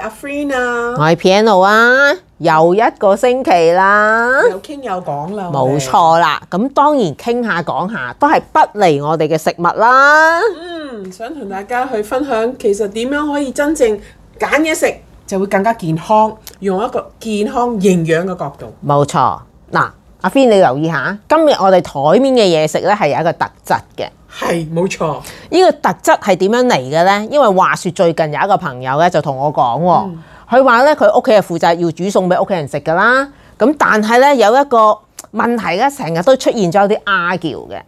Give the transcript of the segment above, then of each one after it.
Afreen 啊，我係 Piano 啊，又一個星期啦，有傾有講啦，冇錯啦。咁當然傾下講下都係不離我哋嘅食物啦。嗯，想同大家去分享，其實點樣可以真正揀嘢食就會更加健康，用一個健康營養嘅角度。冇錯，嗱，Afreen 你留意下，今日我哋台面嘅嘢食咧係有一個特質嘅。係冇錯，呢、這個特質係點樣嚟嘅咧？因為話說最近有一個朋友咧就同我講，佢話咧佢屋企係負責要煮餸俾屋企人食噶啦，咁但係咧有一個問題咧，成日都出現咗啲拗撬嘅，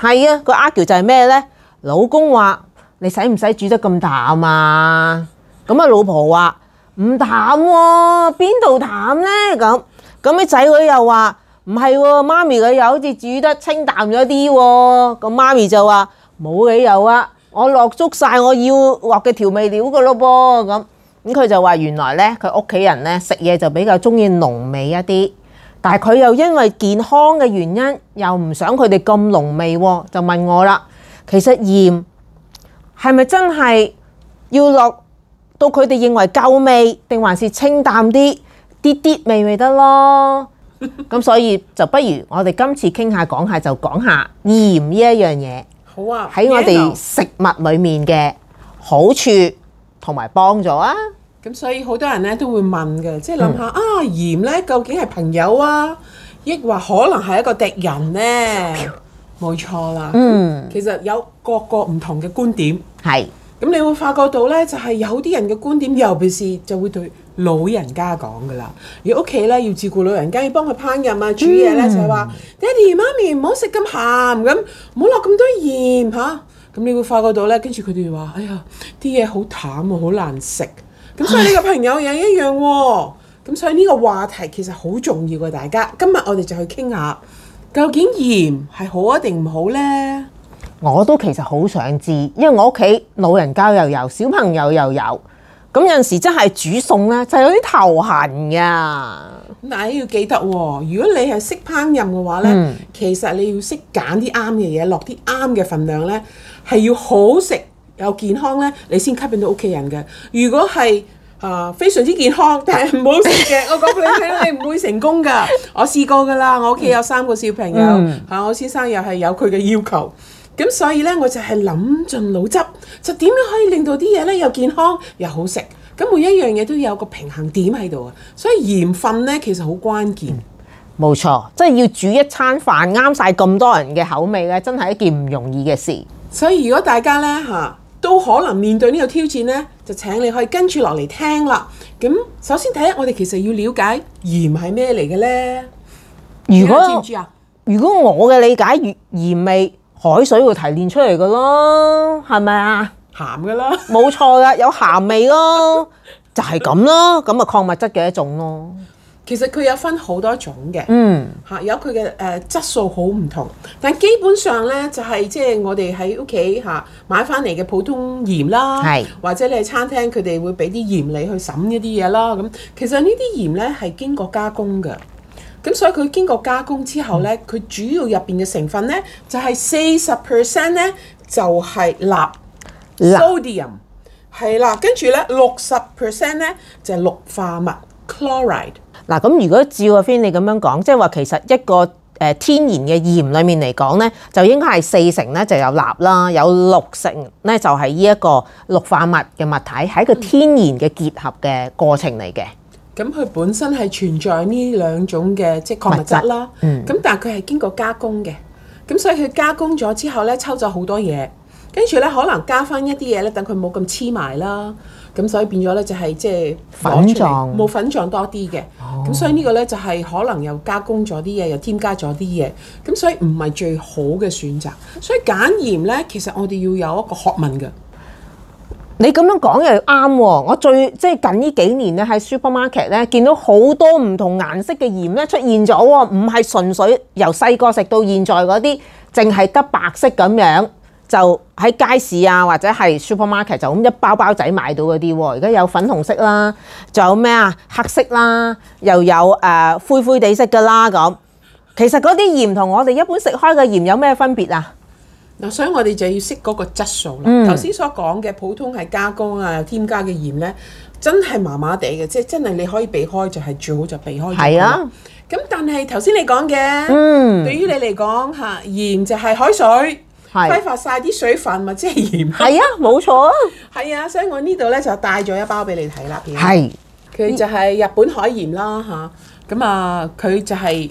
係啊個拗撬就係咩咧？老公話你使唔使煮得咁淡啊？咁啊老婆話唔淡喎，啊，邊度淡咧？咁咁你仔女又話。唔係喎，媽咪佢又好似煮得清淡咗啲喎，咁媽咪就話冇理由啊，我落足晒我要落嘅調味料噶咯噃，咁咁佢就話原來呢，佢屋企人呢食嘢就比較中意濃味一啲，但係佢又因為健康嘅原因，又唔想佢哋咁濃味喎，就問我啦，其實鹽係咪真係要落到佢哋認為夠味，定還是清淡啲啲啲味咪得咯？咁 所以就不如我哋今次傾下講下就講下鹽呢一樣嘢，好啊，喺我哋食物裏面嘅好處同埋幫助啊。咁所以好多人咧都會問嘅，即係諗下啊，鹽咧究竟係朋友啊，抑或可能係一個敵人呢？冇錯啦，嗯，其實有各個唔同嘅觀點係。咁你會發覺到呢，就係、是、有啲人嘅觀點，尤其是就會對老人家講㗎喇，而屋企呢，要照顧老人家，要幫佢烹飪啊，嗯、煮嘢呢，就係、是、話，爹哋媽咪唔好食咁鹹咁，唔好落咁多鹽吓。咁你會發覺到呢，跟住佢哋話，哎呀，啲嘢好淡喎，好難食。咁所以你個朋友又一樣喎、哦。咁 所以呢個話題其實好重要嘅，大家。今日我哋就去傾下，究竟鹽係好呀定唔好呢？我都其實好想知，因為我屋企老人家又有小朋友又有，咁有陣時真係煮餸咧，就是、有啲頭痕㗎。咁但係要記得，如果你係識烹飪嘅話咧、嗯，其實你要識揀啲啱嘅嘢，落啲啱嘅份量咧，係要好食又健康咧，你先吸引到屋企人嘅。如果係啊、呃、非常之健康， 但係唔好食嘅， 我講俾你聽，你唔會成功噶。我試過噶啦，我屋企有三個小朋友，嚇、嗯啊、我先生又係有佢嘅要求。咁所以咧，我就係諗盡腦汁，就點樣可以令到啲嘢咧又健康又好食。咁每一樣嘢都有一個平衡點喺度啊。所以鹽分咧其實好關鍵，嗯，冇錯，即係要煮一餐飯啱晒咁多人嘅口味咧，真係一件唔容易嘅事。所以如果大家咧嚇都可能面對呢個挑戰咧，就請你可以跟住落嚟聽啦。咁首先第一，我哋其實要了解鹽係咩嚟嘅咧？如果知唔知啊？如果我嘅理解，越鹽味。海水會提煉出嚟噶咯，係咪啊？鹹噶啦，冇錯噶，有鹹味咯， 就係咁咯，咁啊礦物質嘅一種咯。其實佢有分好多種嘅，嗯它的，吓有佢嘅誒質素好唔同，但基本上咧就係即係我哋喺屋企吓買翻嚟嘅普通鹽啦，係或者你喺餐廳佢哋會俾啲鹽你鹽去審一啲嘢啦，咁其實呢啲鹽咧係經過加工嘅。咁所以佢經過加工之後咧，佢主要入邊嘅成分咧，就係四十 percent 咧，就係鈉 sodium，係啦，跟住咧六十 percent 咧就係氯化物 chloride。嗱，咁如果照阿芬你咁樣講，即係話其實一個誒天然嘅鹽裡面嚟講咧，就應該係四成咧就有鈉啦，有六成咧就係呢一個氯化物嘅物體，係一個天然嘅結合嘅過程嚟嘅。咁佢本身係存在呢兩種嘅即係礦物質啦，咁、嗯、但係佢係經過加工嘅，咁所以佢加工咗之後咧，抽走好多嘢，跟住咧可能加翻一啲嘢咧，等佢冇咁黐埋啦，咁所以變咗咧就係即係粉狀冇粉狀多啲嘅，咁、哦、所以個呢個咧就係、是、可能又加工咗啲嘢，又添加咗啲嘢，咁所以唔係最好嘅選擇，所以揀鹽咧其實我哋要有一個學問嘅。你咁樣講又啱喎，我最即係近呢幾年咧喺 supermarket 咧見到好多唔同顏色嘅鹽咧出現咗喎，唔係純粹由細個食到現在嗰啲，淨係得白色咁樣，就喺街市啊，或者係 supermarket 就咁一包包仔買到嗰啲喎。而家有粉紅色啦，仲有咩啊？黑色啦，又有誒灰灰地色噶啦咁。其實嗰啲鹽同我哋一般食開嘅鹽有咩分別啊？嗱，所以我哋就要識嗰個質素啦。頭先所講嘅普通係加工啊、添加嘅鹽咧，真係麻麻地嘅，即係真係你可以避開就係最好就避開。係啊，咁但係頭先你講嘅，對於你嚟講吓鹽就係海水，揮發晒啲水分咪即係鹽。係啊，冇錯。係啊，所以我呢度咧就帶咗一包俾你睇啦，係。佢就係日本海鹽啦，吓。咁啊，佢就係誒。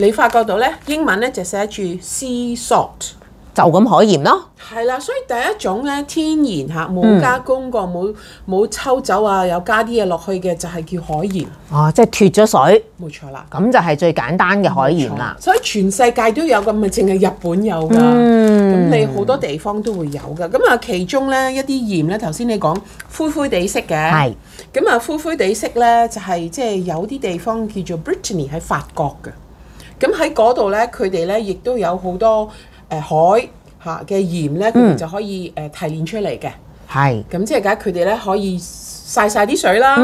你發覺到咧，英文咧就寫住 sea salt，就咁海鹽咯。係啦，所以第一種咧，天然嚇，冇加工過，冇冇抽走啊，有加啲嘢落去嘅就係、是、叫海鹽。哦、啊，即係脫咗水。冇錯啦，咁就係最簡單嘅海鹽啦。所以全世界都有嘅，唔淨係日本有㗎。咁、嗯、你好多地方都會有㗎。咁啊，其中咧一啲鹽咧，頭先你講灰灰地色嘅。係。咁啊，灰灰地色咧就係即係有啲地方叫做 Brittany 喺法國嘅。咁喺嗰度咧，佢哋咧亦都有好多海嘅鹽咧，佢哋就可以提煉出嚟嘅。係，咁即係解，佢哋咧可以曬曬啲水啦。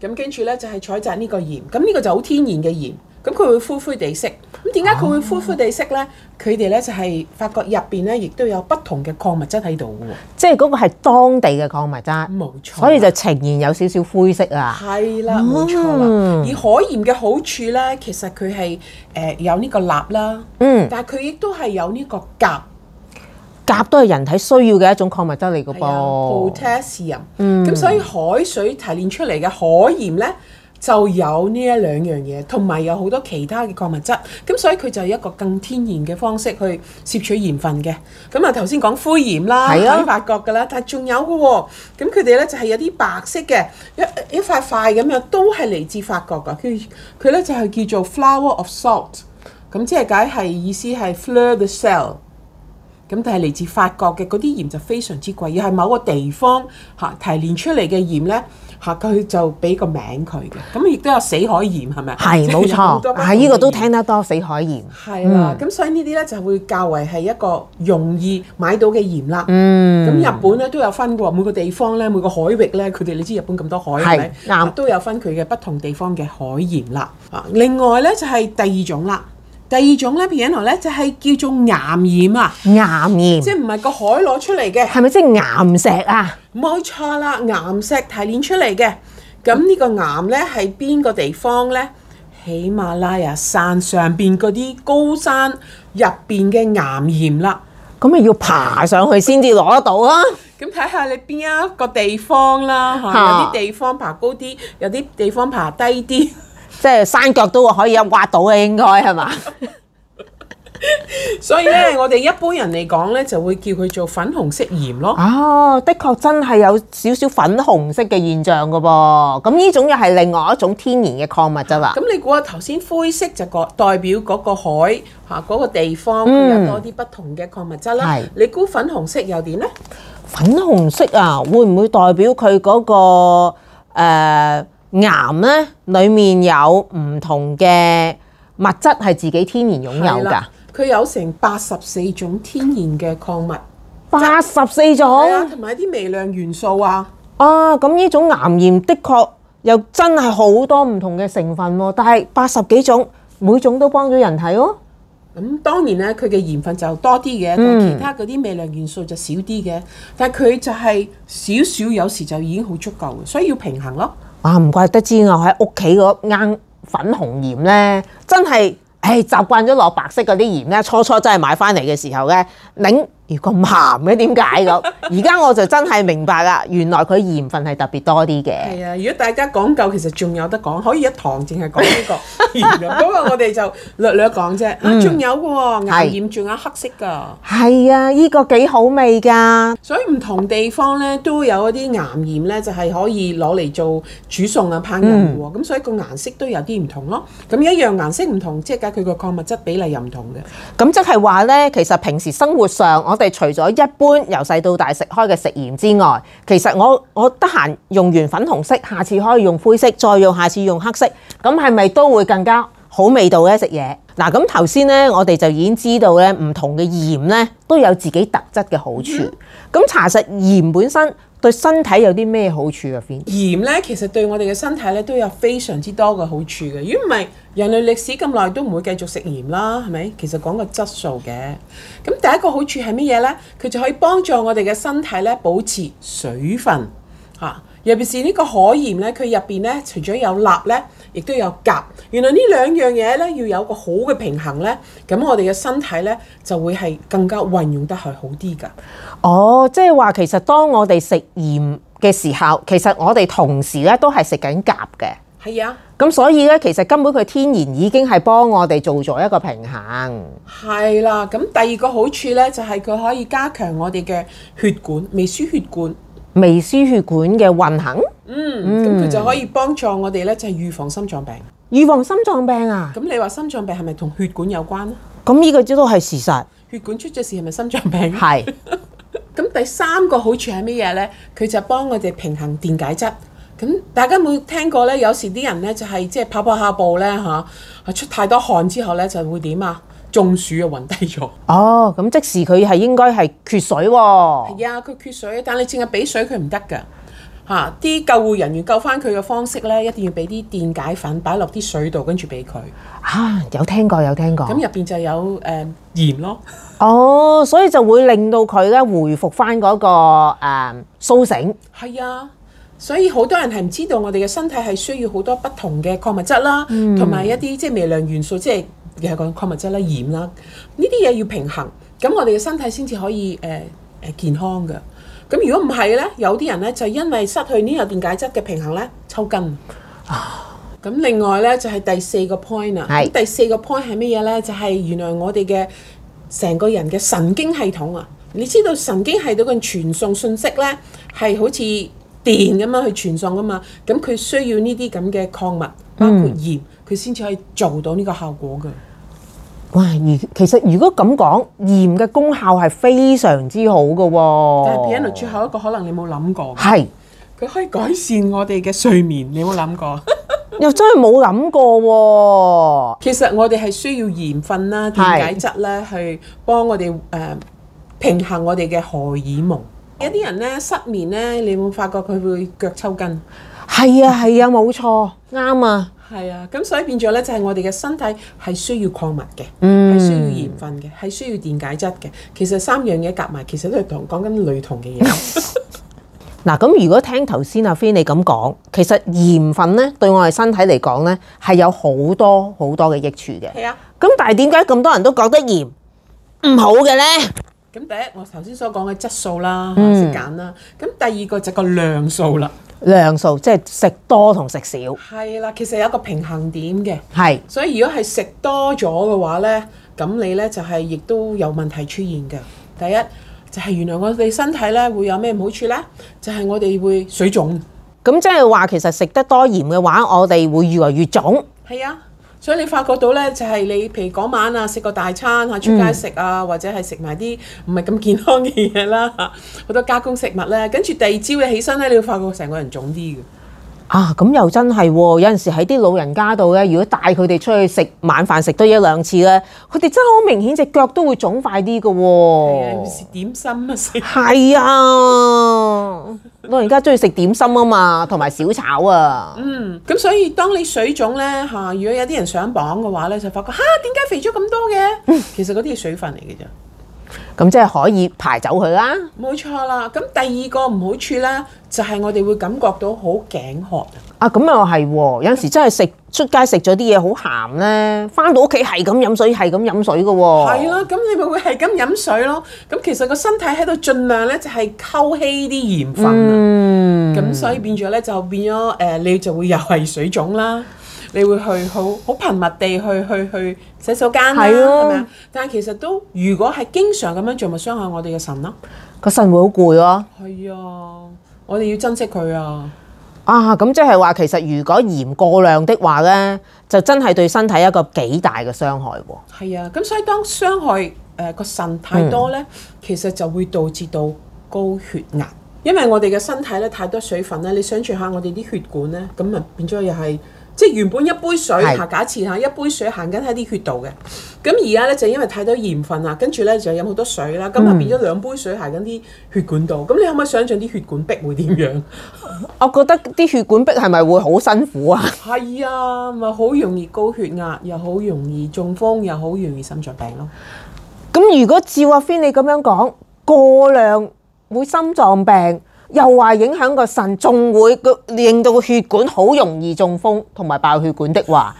咁跟住咧就係採摘呢個鹽，咁呢個就好天然嘅鹽。咁佢會灰灰地色，咁點解佢會灰灰地色呢？佢哋呢就係發覺入邊呢亦都有不同嘅礦物質喺度喎。即係嗰個係當地嘅礦物質。冇錯。所以就呈現有少少灰色啊。係啦，冇錯啦。嗯。而海鹽嘅好處呢，其實佢係誒有呢個鈉啦。嗯。但係佢亦都係有呢個鉀，鉀都係人體需要嘅一種礦物質嚟嘅噃。Potassium。嗯。咁所以海水提煉出嚟嘅海鹽呢。就有呢一兩樣嘢，同埋有好多其他嘅礦物質，咁所以佢就係一個更天然嘅方式去攝取鹽分嘅。咁啊，頭先講灰鹽啦，喺法國㗎啦，但係仲有嘅喎。咁佢哋咧就係有啲白色嘅一一塊塊咁樣，都係嚟自法國㗎。佢佢咧，就係叫做 flower of salt，咁即係解係意思係 flour the cell。咁但係嚟自法國嘅嗰啲鹽就非常之貴，要係某個地方嚇提煉出嚟嘅鹽呢，嚇佢就俾個名佢嘅，咁亦都有死海鹽係咪？係冇錯，係呢、就是啊呢個都聽得多死海鹽。係啦，咁、嗯、所以呢啲呢，就會較為係一個容易買到嘅鹽啦。嗯，咁日本呢都有分㗎喎，每個地方呢，每個海域呢，佢哋你知日本咁多海，係咪？都有分佢嘅不同地方嘅海鹽啦。另外呢，就係第二種啦。第二種咧，片引頭咧就係叫做岩鹽啊，岩鹽即係唔係個海攞出嚟嘅，係咪即係岩石啊？冇錯啦，岩石提煉出嚟嘅。咁呢個岩咧係邊個地方咧？喜馬拉雅山上邊嗰啲高山入邊嘅岩鹽啦，咁咪要爬上去先至攞得到啊！咁睇下你邊一個地方啦，嚇、啊、有啲地方爬高啲，有啲地方爬低啲。即係山腳都可以挖到嘅，應該係嘛？所以咧，我哋一般人嚟講咧，就會叫佢做粉紅色鹽咯。哦，的確真係有少少粉紅色嘅現象㗎噃。咁呢種又係另外一種天然嘅礦物質啦。咁你估下頭先灰色就代代表嗰個海吓嗰個地方，佢有多啲不同嘅礦物質啦。係你估粉紅色又點咧？粉紅色啊，會唔會代表佢嗰個誒？岩咧，裏面有唔同嘅物質，係自己天然擁有噶。佢有成八十四種天然嘅礦物，八十四種，同埋啲微量元素啊。啊，咁呢種岩鹽的確又真係好多唔同嘅成分喎。但係八十幾種，每種都幫咗人體咯、啊。咁、嗯、當然咧，佢嘅鹽分就多啲嘅，同其他嗰啲微量元素就少啲嘅。但係佢就係少少，有時就已經好足夠，所以要平衡咯。啊，唔怪得知我喺屋企嗰包粉紅鹽呢，真係誒、哎、習慣咗落白色嗰啲鹽咧，初初真係買返嚟嘅時候咧，如果鹹嘅點解咁？而家 我就真係明白啦，原來佢鹽分係特別多啲嘅。係啊，如果大家講究，其實仲有得講，可以一堂淨係講呢個鹽咁不我哋就略略講啫。仲、嗯啊、有嘅喎，岩鹽仲有黑色㗎。係啊，依、這個幾好味㗎。所以唔同地方咧，都有一啲岩鹽咧，就係、是、可以攞嚟做煮餸啊、烹飪喎。咁、嗯、所以個顏色都有啲唔同咯。咁一樣顏色唔同，即係㗎，佢個礦物質比例又唔同嘅。咁即係話咧，其實平時生活上我。我哋除咗一般由細到大食開嘅食鹽之外，其實我我得閒用完粉紅色，下次可以用灰色，再用下次用黑色，咁係咪都會更加好味道咧食嘢？嗱，咁頭先咧，我哋就已經知道咧，唔同嘅鹽咧都有自己特質嘅好處。咁查實鹽本身。對身體有啲咩好處啊？鹽呢，其實對我哋嘅身體呢都有非常之多嘅好處嘅。如果唔係，人類歷史咁耐都唔會繼續食鹽啦，係咪？其實講個質素嘅。咁第一個好處係乜嘢呢？佢就可以幫助我哋嘅身體呢保持水分啊。尤其是呢個海鹽咧，佢入邊咧除咗有鈉咧，亦都有鉀。原來呢兩樣嘢咧，要有一個好嘅平衡咧，咁我哋嘅身體咧就會係更加運用得係好啲噶。哦，即係話其實當我哋食鹽嘅時候，其實我哋同時咧都係食緊鉀嘅。係啊。咁所以咧，其實根本佢天然已經係幫我哋做咗一個平衡。係啦。咁第二個好處咧，就係佢可以加強我哋嘅血管、微絲血管。微絲血管嘅運行，嗯，咁佢就可以幫助我哋咧，就係、是、預防心臟病。預防心臟病啊，咁你話心臟病係咪同血管有關咧？咁呢個只都係事實。血管出咗事係咪心臟病？係。咁 第三個好處係咩嘢呢？佢就幫我哋平衡電解質。咁大家有冇聽過呢？有時啲人呢、就是，就係即係跑跑下步呢，吓出太多汗之後呢，就會點啊？中暑啊、哦、啊，暈低咗哦！咁即時佢係應該係缺水喎。係啊，佢缺水，但你淨係俾水佢唔得噶吓，啲、啊、救護人員救翻佢嘅方式咧，一定要俾啲電解粉擺落啲水度，跟住俾佢。啊，有聽過有聽過。咁入邊就有誒、呃、鹽咯。哦，所以就會令到佢咧回復翻、那、嗰個誒、呃、蘇醒。係啊，所以好多人係唔知道我哋嘅身體係需要好多不同嘅礦物質啦，同、嗯、埋一啲即係微量元素即係。即係又係講礦物質啦、鹽啦，呢啲嘢要平衡，咁我哋嘅身體先至可以誒誒、呃呃、健康㗎。咁如果唔係咧，有啲人咧就因為失去呢個電解質嘅平衡咧，抽筋。咁、啊、另外咧就係、是、第四個 point 咁第四個 point 係乜嘢咧？就係、是、原來我哋嘅成個人嘅神經系統啊，你知道神經系統嘅傳送信息咧係好似電咁樣去傳送噶嘛？咁佢需要呢啲咁嘅礦物，包括鹽，佢先至可以做到呢個效果㗎。哇！其實如果咁講，鹽嘅功效係非常之好嘅喎。但係 Piano 最後一個可能你冇諗過。係，佢可以改善我哋嘅睡眠，你有冇諗過？又真係冇諗過喎。其實我哋係需要鹽分啦、電解質咧，去幫我哋誒平衡我哋嘅荷爾蒙。有啲人咧失眠咧，你會發覺佢會腳抽筋。係啊，係啊，冇錯，啱啊。係啊，咁所以變咗咧，就係我哋嘅身體係需要礦物嘅，係、嗯、需要鹽分嘅，係需要電解質嘅。其實三樣嘢夾埋，其實都係同講緊類同嘅嘢。嗱、嗯，咁如果聽頭先阿菲你咁講，其實鹽分咧對我哋身體嚟講咧係有好多好多嘅益處嘅。係啊，咁但係點解咁多人都覺得鹽唔好嘅咧？咁第一，我頭先所講嘅質素啦、嗯，先揀啦。咁第二個就個量數啦。量數即係食多同食少，係啦，其實有一個平衡點嘅，係。所以如果係食多咗嘅話那呢，咁你呢就係、是、亦都有問題出現嘅。第一就係、是、原來我哋身體呢會有咩唔好處呢？就係、是、我哋會水腫。咁即係話其實食得多鹽嘅話，我哋會越嚟越腫。係啊。所以你發覺到咧，就係、是、你譬如嗰晚啊，食個大餐嚇、啊，出街食啊、嗯，或者係食埋啲唔係咁健康嘅嘢啦，好多加工食物咧，跟住第二朝你起身咧，你會發覺成個人腫啲嘅。啊，咁又真係喎！有陣時喺啲老人家度咧，如果帶佢哋出去食晚飯食多一兩次咧，佢哋真係好明顯隻腳都會腫快啲嘅喎。點心啊，食係啊， 老人家中意食點心啊嘛，同埋小炒啊。嗯，咁所以當你水腫咧嚇，如果有啲人上磅嘅話咧，就發覺吓？點解肥咗咁多嘅？其實嗰啲係水分嚟嘅啫。咁即係可以排走佢啦，冇錯啦。咁第二個唔好處咧，就係、是、我哋會感覺到好頸渴啊。咁又係，有陣時真係食出街食咗啲嘢好咸咧，翻到屋企係咁飲水，係咁飲水噶。係啦、啊，咁你咪會係咁飲水咯。咁其實個身體喺度盡量咧，就係溝稀啲鹽分。嗯，咁所以變咗咧，就變咗誒、呃，你就會又係水腫啦。你會去好好頻密地去去去洗手間啦，係啊？係咪但係其實都，如果係經常咁樣做，咪傷害我哋嘅腎咯。個腎會好攰喎。係啊，我哋要珍惜佢啊。啊，咁即係話，其實如果鹽過量的話呢，就真係對身體一個幾大嘅傷害喎。係啊，咁、啊、所以當傷害誒、呃、個腎太多呢、嗯，其實就會導致到高血壓，嗯、因為我哋嘅身體呢，太多水分呢，你想象下我哋啲血管呢，咁咪變咗又係。即係原本一杯水嚇，假設嚇一杯水行緊喺啲血度嘅，咁而家咧就因為太多鹽分啦，跟住咧就飲好多水啦，咁啊變咗兩杯水行緊啲血管度，咁、嗯、你可唔可以想像啲血管壁會點樣？我覺得啲血管壁係咪會好辛苦 是啊？係啊，咪好容易高血壓，又好容易中風，又好容易心臟病咯。咁如果照阿芬你咁樣講，過量會心臟病。又話影響個腎，仲會令到血管好容易中風同埋爆血管的話，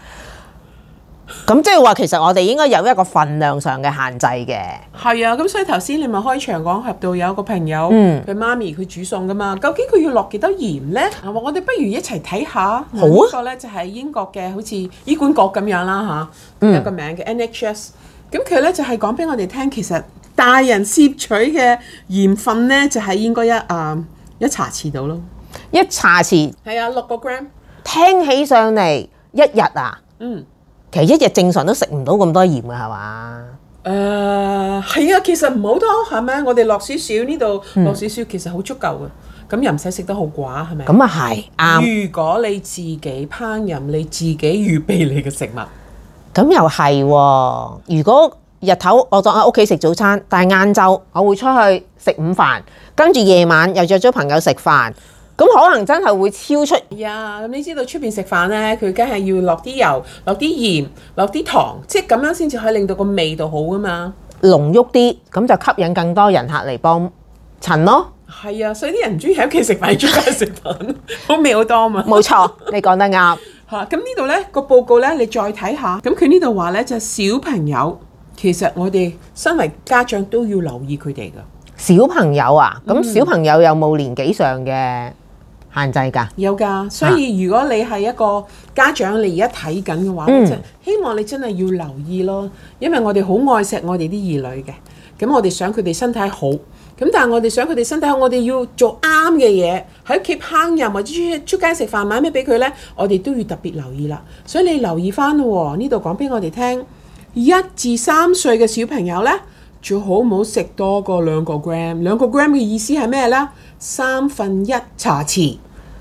咁即係話其實我哋應該有一個份量上嘅限制嘅。係啊，咁所以頭先你咪開場講合到有個個朋友，佢、嗯、媽咪佢煮餸㗎嘛，究竟佢要落幾多鹽呢？我哋不如一齊睇下，好啊。呢個呢就係英國嘅好似醫管局咁樣啦吓，嗯、有一個名嘅 NHS，咁佢呢就係講俾我哋聽，其實大人攝取嘅鹽分呢，就係應該一啊。嗯一茶匙到咯，一茶匙係啊，六個 gram，聽起上嚟一日啊，嗯，其實一日正常都食唔到咁多鹽嘅係嘛？誒，係、呃、啊，其實唔好多係咪？我哋落少少呢度落少少，其實好足夠嘅，咁又唔使食得好寡係咪？咁啊係啊。如果你自己烹飪，嗯、你自己預備你嘅食物，咁又係喎。如果、嗯日頭我就喺屋企食早餐，但係晏晝我會出去食午飯，跟住夜晚又約咗朋友食飯，咁可能真係會超出。呀，咁你知道出邊食飯呢，佢梗係要落啲油、落啲鹽、落啲糖，即係咁樣先至可以令到個味道好啊嘛，濃郁啲，咁就吸引更多人客嚟幫襯咯。係啊，所以啲人唔中意喺屋企食飯，中間食品，好味好多啊嘛。冇錯，你講得啱。嚇， 咁呢度呢個報告呢，你再睇下，咁佢呢度話呢，就係小朋友。其實我哋身為家長都要留意佢哋噶小朋友啊，咁小朋友有冇年紀上嘅限制噶，嗯？有噶，所以如果你係一個家長，啊、你而家睇緊嘅話，我真係希望你真係要留意咯。因為我哋好愛錫我哋啲兒女嘅，咁我哋想佢哋身體好，咁但係我哋想佢哋身體好，我哋要做啱嘅嘢，喺屋企烹飪或者出出街食飯買咩俾佢呢，我哋都要特別留意啦。所以你留意翻喎，呢度講俾我哋聽。一至三歲嘅小朋友呢，最好唔好食多過兩個 gram。兩個 gram 嘅意思係咩呢？三分一茶匙。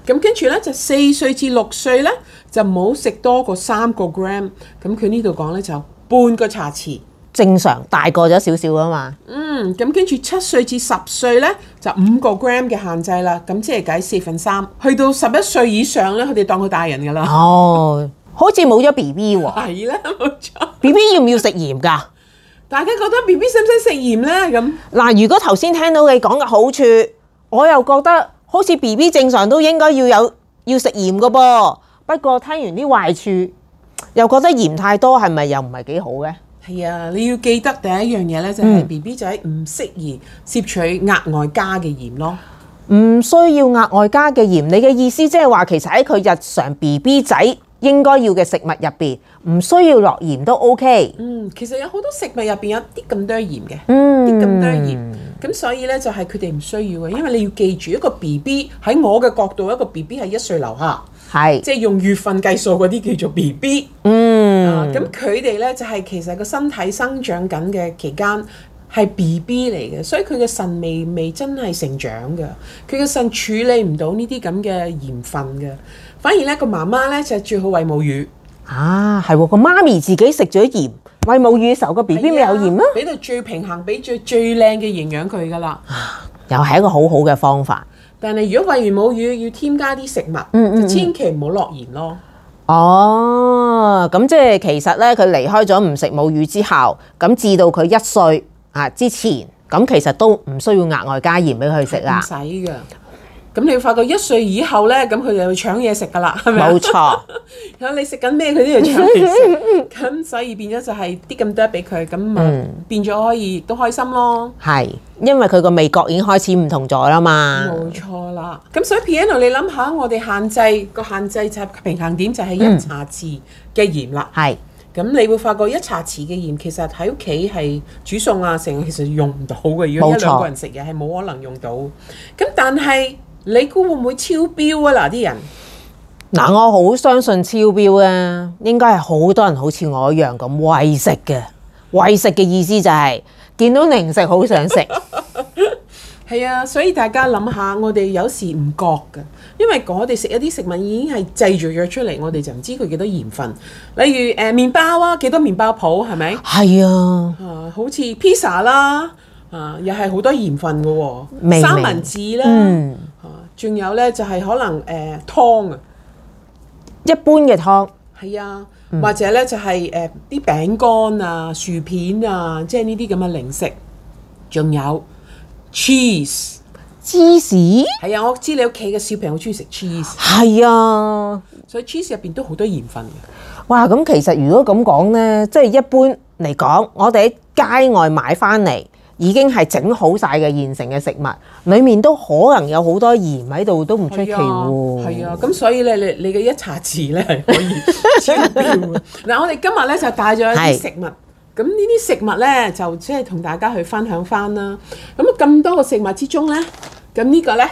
咁跟住呢，就四歲至六歲呢，就唔好食多過三個 gram。咁佢呢度講呢，就半個茶匙。正常大個咗少少啊嘛。嗯，咁跟住七歲至十歲呢，就五個 gram 嘅限制啦。咁即係計四分三。去到十一歲以上呢，佢哋當佢大人噶啦。哦。好似冇咗 B B 喎，係啦，冇錯。B B 要唔要食鹽㗎？大家覺得 B B 使唔使食鹽咧？咁嗱，如果頭先聽到你講嘅好處，我又覺得好似 B B 正常都應該要有要食鹽㗎噃。不過聽完啲壞處，又覺得鹽太多，係咪又唔係幾好嘅？係啊，你要記得第一樣嘢咧，就係 B B 仔唔適宜攝取額外加嘅鹽咯，唔、嗯、唔需要額外加嘅鹽。你嘅意思即係話其實喺佢日常 B B 仔。應該要嘅食物入邊，唔需要落鹽都 OK。嗯，其實有好多食物入邊有啲咁多鹽嘅，啲咁多鹽，咁所以呢，就係佢哋唔需要嘅，因為你要記住一個 B B 喺我嘅角度，一個 B B 係一歲樓下，係即係用月份計數嗰啲叫做 B B。嗯，咁佢哋呢，就係其實個身體生長緊嘅期間係 B B 嚟嘅，所以佢嘅腎未未真係成長嘅，佢嘅腎處理唔到呢啲咁嘅鹽分嘅。反而咧，個媽媽咧，就係最好餵母乳啊。係個媽咪自己食咗鹽，餵母乳嘅時候個 B B 咪有鹽咯，俾到最平衡，俾最最靚嘅營養佢噶啦，又係一個好好嘅方法。但係如果餵完母乳要添加啲食物，嗯嗯嗯，就千祈唔好落鹽咯。哦，咁即係其實咧，佢離開咗唔食母乳之後，咁至到佢一歲啊,之前，咁其實都唔需要額外加鹽俾佢食啦，唔使噶。咁你會發覺一歲以後咧，咁佢就去搶嘢食噶啦，係咪？冇錯，咁 你食緊咩，佢都要搶嘢食。咁 所以變咗就係啲咁多俾佢，咁咪變咗可以、嗯、都開心咯。係，因為佢個味覺已經開始唔同咗啦嘛。冇錯啦。咁所以 Piano，你諗下，我哋限制個限制就平衡點就係、係、一茶匙嘅鹽啦。係、嗯。咁你會發覺一茶匙嘅鹽，其實喺屋企係煮餸啊，成其實用唔到嘅。如果一沒兩個人食嘢係冇可能用到的。咁但係。你估會唔會超標啊？嗱啲人嗱、啊，我好相信超標啊，應該係好多人好似我一樣咁餵食嘅。餵食嘅意思就係、是、見到零食好想食。係 啊，所以大家諗下，我哋有時唔覺嘅，因為我哋食一啲食物已經係製造咗出嚟，我哋就唔知佢幾多鹽分。例如誒、呃、麵包啊，幾多麵包鋪，係咪？係啊，啊，好似披薩啦，啊，又係好多鹽分嘅喎、啊。三文治啦。嗯仲有呢，就係可能誒、呃、湯啊，一般嘅湯係啊、嗯，或者呢、就係，就係誒啲餅乾啊、薯片啊，即係呢啲咁嘅零食。仲有 cheese 芝士，係啊，我知道你屋企嘅小朋友中意食 cheese，係啊，所以 cheese 入邊都好多鹽分嘅。哇，咁其實如果咁講呢，即、就、係、係、一般嚟講，我哋喺街外買翻嚟，已經係整好晒嘅現成嘅食物，裡面都可能有好多鹽喺度，都唔出奇喎。係啊，咁、啊、所以咧，你你嘅一茶匙咧係可以超標。嗱， 我哋今日咧就帶咗一啲食物，咁呢啲食物咧就即係同大家去分享翻啦。咁咁多個食物之中咧，咁呢、呢個咧，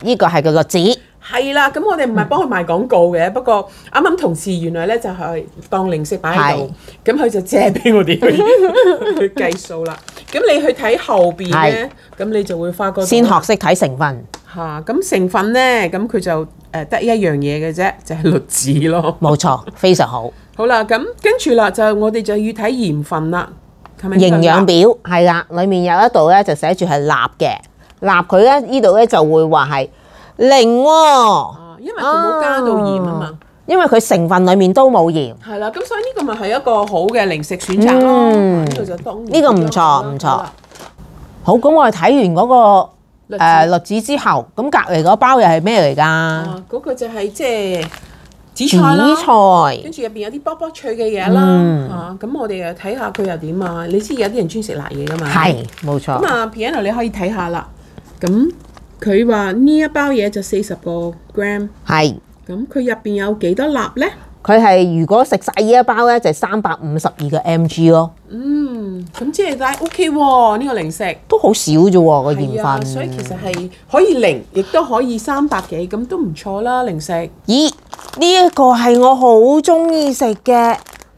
呢個係個餃子。係啦，咁我哋唔係幫佢賣廣告嘅、嗯，不過啱啱同事原來咧就係當零食擺喺度，咁佢就借俾我哋 去計數啦。咁你去睇後邊咧，咁你就會發覺先學識睇成分嚇。咁、啊、成分咧，咁佢就誒得一樣嘢嘅啫，就係、是、栗子咯。冇錯，非常好。好啦，咁跟住啦，就我哋就要睇鹽分啦。營養表係啦，裡面有一度咧就寫住係鈉嘅鈉，佢咧呢度咧就會話係零、哦啊，因為佢冇加到鹽啊嘛。哦因為佢成分裡面都冇鹽。係啦，咁所以呢個咪係一個好嘅零食選擇咯。呢、嗯啊，這個就當然，呢、這個唔錯唔錯。好，咁我哋睇完嗰、那個誒栗子之後，咁隔籬嗰包又係咩嚟噶？嗰、那個就係即係紫菜，紫菜，跟住入邊有啲卜卜脆嘅嘢啦。吓、嗯，咁、啊、我哋又睇下佢又點啊？你知有啲人中意食辣嘢噶嘛？係，冇錯。咁啊，Piano 你可以睇下啦。咁佢話呢一包嘢就四十個 gram。係。咁佢入邊有幾多粒呢？佢係如果食曬呢一包呢，就三百五十二個 mg 咯。嗯，咁即係都 OK 喎、啊，呢、這個零食都好少啫喎、這個鹽分。所以其實係可以零，亦都可以三百幾，咁都唔錯啦零食。咦？呢、這、一個係我好中意食嘅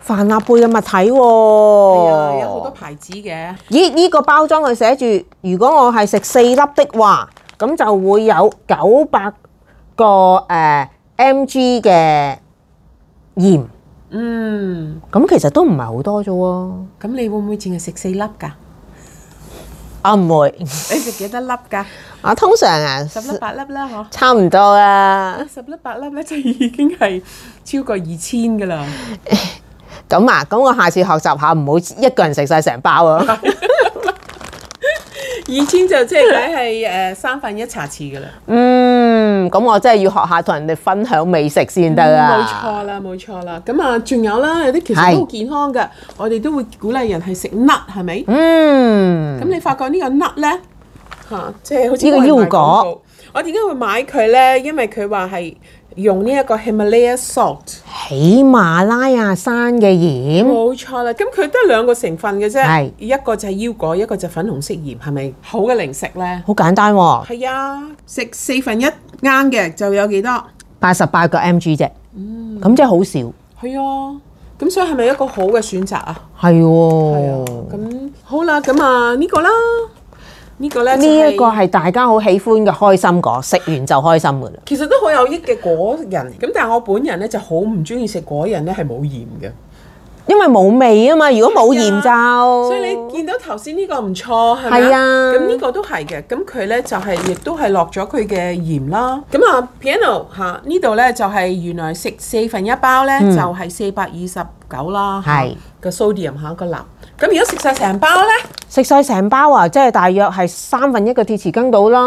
飯納貝嘅物體喎。啊，有好多牌子嘅。咦？呢、這個包裝佢寫住，如果我係食四粒的話，咁就會有九百個誒。呃 Mg 嘅鹽，嗯，咁其實都唔係好多啫喎。咁你會唔會淨係食四粒㗎？我唔會。你食幾多粒㗎？我通常啊，十粒八粒啦，嗬。差唔多啊。十粒八粒咧，就已經係超過二千㗎喇。咁啊，咁我下次學習下，唔好一個人食曬成包啊。以前就即係佢係誒三分一茶匙嘅啦。嗯，咁我真係要學下同人哋分享美食先得啊，嗯，啊。冇錯啦，冇錯啦。咁啊，仲有啦，有啲其實都好健康嘅，我哋都會鼓勵人係食 nut 係咪？嗯。咁你發覺呢個 nut 咧嚇、嗯，即係好似呢、呢個腰果。我點解會買佢咧？因為佢話係。用呢個 Himalaya Salt 喜馬拉雅山嘅鹽，冇錯啦。咁佢得兩個成分嘅啫，一個就係腰果，一個就粉紅色鹽，係咪？好嘅零食咧，好簡單喎。係啊，食、啊、四分一啱嘅就有幾多？八十八個 mg 啫。嗯，咁真係好少。係啊，咁所以係咪一個好嘅選擇係啊？係喎。係啊，咁好啦，咁啊呢個啦。呢個咧，呢一個係大家好喜歡嘅開心果，食完就開心嘅啦。其實都好有益嘅果仁，咁但係我本人咧就好唔中意食果仁咧，係冇鹽嘅，因為冇味啊嘛。如果冇鹽就……所以你見到頭先呢個唔錯，係啊，咁呢個都係嘅。咁佢咧就係亦都係落咗佢嘅鹽啦。咁啊，Piano 嚇呢度咧就係原來食四分一包咧就係四百二十九啦，係，個 sodium 嚇個鹽。咁如果食晒成包呢？食晒成包啊，即係大約係三分一個鐵匙羹到啦。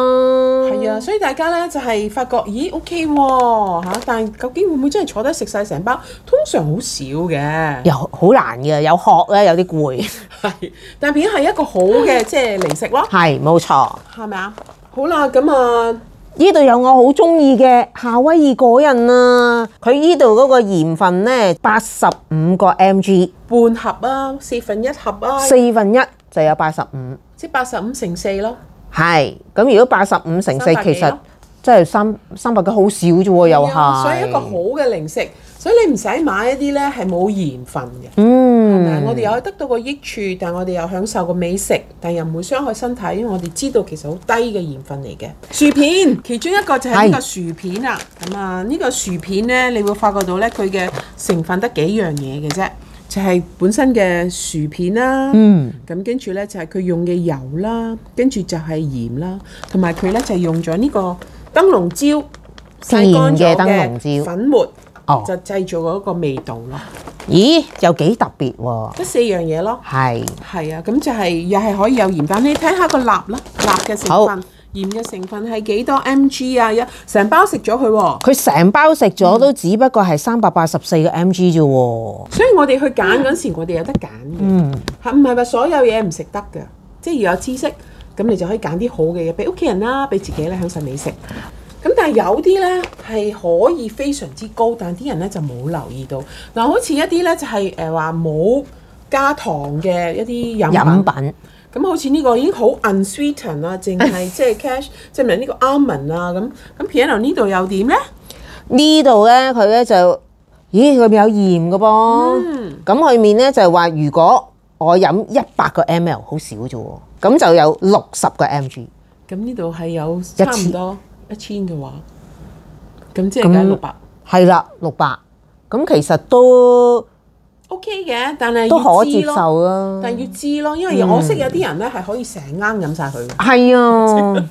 係啊，所以大家呢就係、是、發覺，咦，OK 喎、吓、但係究竟會唔會真係坐低食晒成包？通常好少嘅，又好難嘅，有殼咧，有啲攰。係，但片係一個好嘅即係零食咯。係，冇錯。係咪啊？好啦，咁啊。嗯呢度有我好中意嘅夏威夷果仁啊！佢呢度嗰個鹽分呢，八十五個 mg，半盒啊，四分一盒啊，四分一就有八十五，即八十五乘四咯。係，咁如果八十五乘四，其實即係三三百幾，好少啫、啊，又下。所以一個好嘅零食。所以你唔使買一啲咧，係冇鹽分嘅。嗯，係咪？我哋又得到個益處，但係我哋又享受個美食，但又唔會傷害身體，因為我哋知道其實好低嘅鹽分嚟嘅、嗯。薯片，其中一個就係呢個薯片啊。咁啊，呢、嗯呢個薯片咧，你會發覺到咧，佢嘅成分得幾樣嘢嘅啫，就係、是、本身嘅薯片啦。嗯。咁跟住咧，就係、是、佢用嘅油啦，跟住就係鹽啦，同埋佢咧就係、是、用咗呢個燈籠，燈籠椒，曬乾咗嘅粉末。哦，就製造嗰個味道咯。咦，又幾特別喎？得四樣嘢咯。係，係啊，咁就係又係可以有鹽，但你睇下個鈉啦，鈉嘅成分，鹽嘅成分係幾多 mg 啊？一成包食咗佢喎，佢成包食咗都只不過係三百八十四個 mg 啫喎。所以我哋去揀嗰時，我哋有得揀嘅。嗯，係唔係話所有嘢唔食得嘅，即係要有知識咁，你就可以揀啲好嘅嘢俾屋企人啦，俾自己咧享受美食。咁但係有啲咧係可以非常之高，但啲人咧就冇留意到嗱，好似一啲咧就係誒話冇加糖嘅一啲飲品。咁好似呢個已經好 unsweeten 啦，淨係即係 cash，即係咪呢個 almond 啊？咁咁，Piano 呢度又點咧？呢度咧佢咧就咦佢面有鹽嘅噃，咁、嗯、佢面咧就係話如果我飲一百個 m l 好少啫喎，咁就有六十個 m g。咁呢度係有差唔多。一千嘅話，咁即係梗係六百，係啦，六百。咁其實都 OK 嘅，但係都可接受啦。但係要知咯，因為我識有啲人咧係可以成樽飲晒佢嘅。係啊，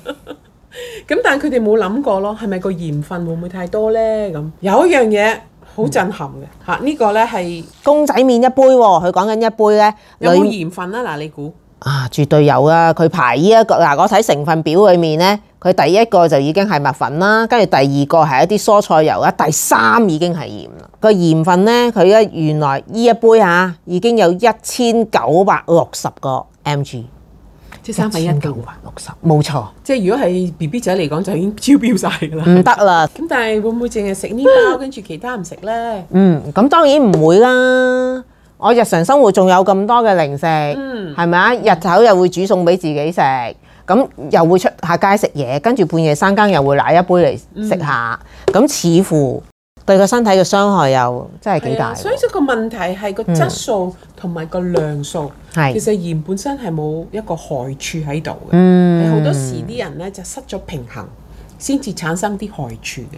咁但係佢哋冇諗過咯，係咪個鹽分會唔會太多咧？咁有一樣嘢好震撼嘅嚇，呢個咧係公仔麵一杯喎。佢講緊一杯咧，有冇鹽分啊？嗱，你估啊，絕對有啊。佢排呢一個嗱，我睇成分表裏面咧。佢第一個就已經係麥粉啦，跟住第二個係一啲蔬菜油啦，第三已經係鹽啦。個鹽分呢，佢一原來呢一杯嚇、啊、已經有一千九百六十個 mg，即係三分一九百六十，冇錯。即係如果係 B B 仔嚟講，就已經超標曬㗎啦。唔得啦，咁但係會唔會淨係食呢包，跟、嗯、住其他唔食呢？嗯，咁當然唔會啦。我日常生活仲有咁多嘅零食，係咪啊？日頭又會煮餸俾自己食。咁又會出下街食嘢，跟住半夜三更又會攋一杯嚟食下，咁、嗯、似乎對個身體嘅傷害又真係幾大、嗯。所以這個問題係個質素同埋個量數、嗯。其實鹽本身係冇一個害處喺度嘅，好、嗯、多時啲人咧就失咗平衡，先至產生啲害處嘅。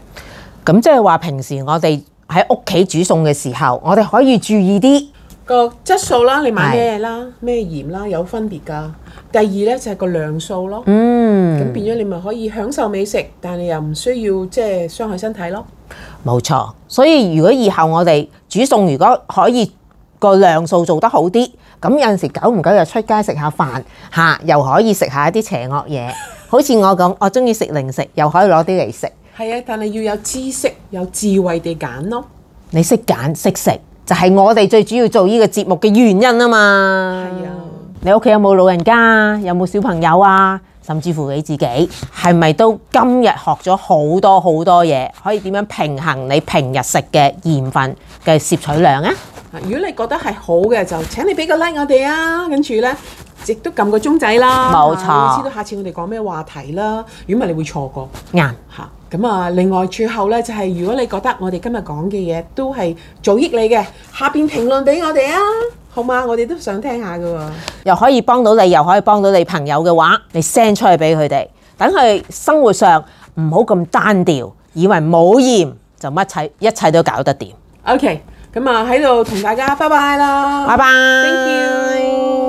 咁即係話平時我哋喺屋企煮餸嘅時候，我哋可以注意啲。個質素啦，你買咩啦，咩鹽啦，有分別噶。第二呢就係個量數咯。嗯，咁變咗你咪可以享受美食，但你又唔需要即係傷害身體咯。冇錯，所以如果以後我哋煮餸，如果可以個量數做得好啲，咁有陣時久唔久又出街食下飯，嚇又可以食下一啲邪惡嘢。好似我咁，我中意食零食，又可以攞啲嚟食。係啊，但係要有知識、有智慧地揀咯。你識揀識食。就係我哋最主要做呢個節目嘅原因啊嘛！係啊，你屋企有冇老人家？有冇小朋友啊？甚至乎你自己係咪都今日學咗好多好多嘢？可以點樣平衡你平日食嘅鹽分嘅攝取量啊？如果你覺得係好嘅，就請你俾個 like 我哋啊！跟住咧，亦都撳個鐘仔啦，冇錯。知道下次我哋講咩話題啦？如果唔係，你會錯過。啱、嗯，嚇。咁啊！另外，最後咧就係，如果你覺得我哋今日講嘅嘢都係造益你嘅，下邊評論俾我哋啊，好嘛？我哋都想聽下嘅喎，又可以幫到你，又可以幫到你朋友嘅話，你 send 出去俾佢哋，等佢生活上唔好咁單調。以為冇鹽就乜一切一切都搞得掂。OK，咁啊，喺度同大家拜拜啦，拜拜，Thank you。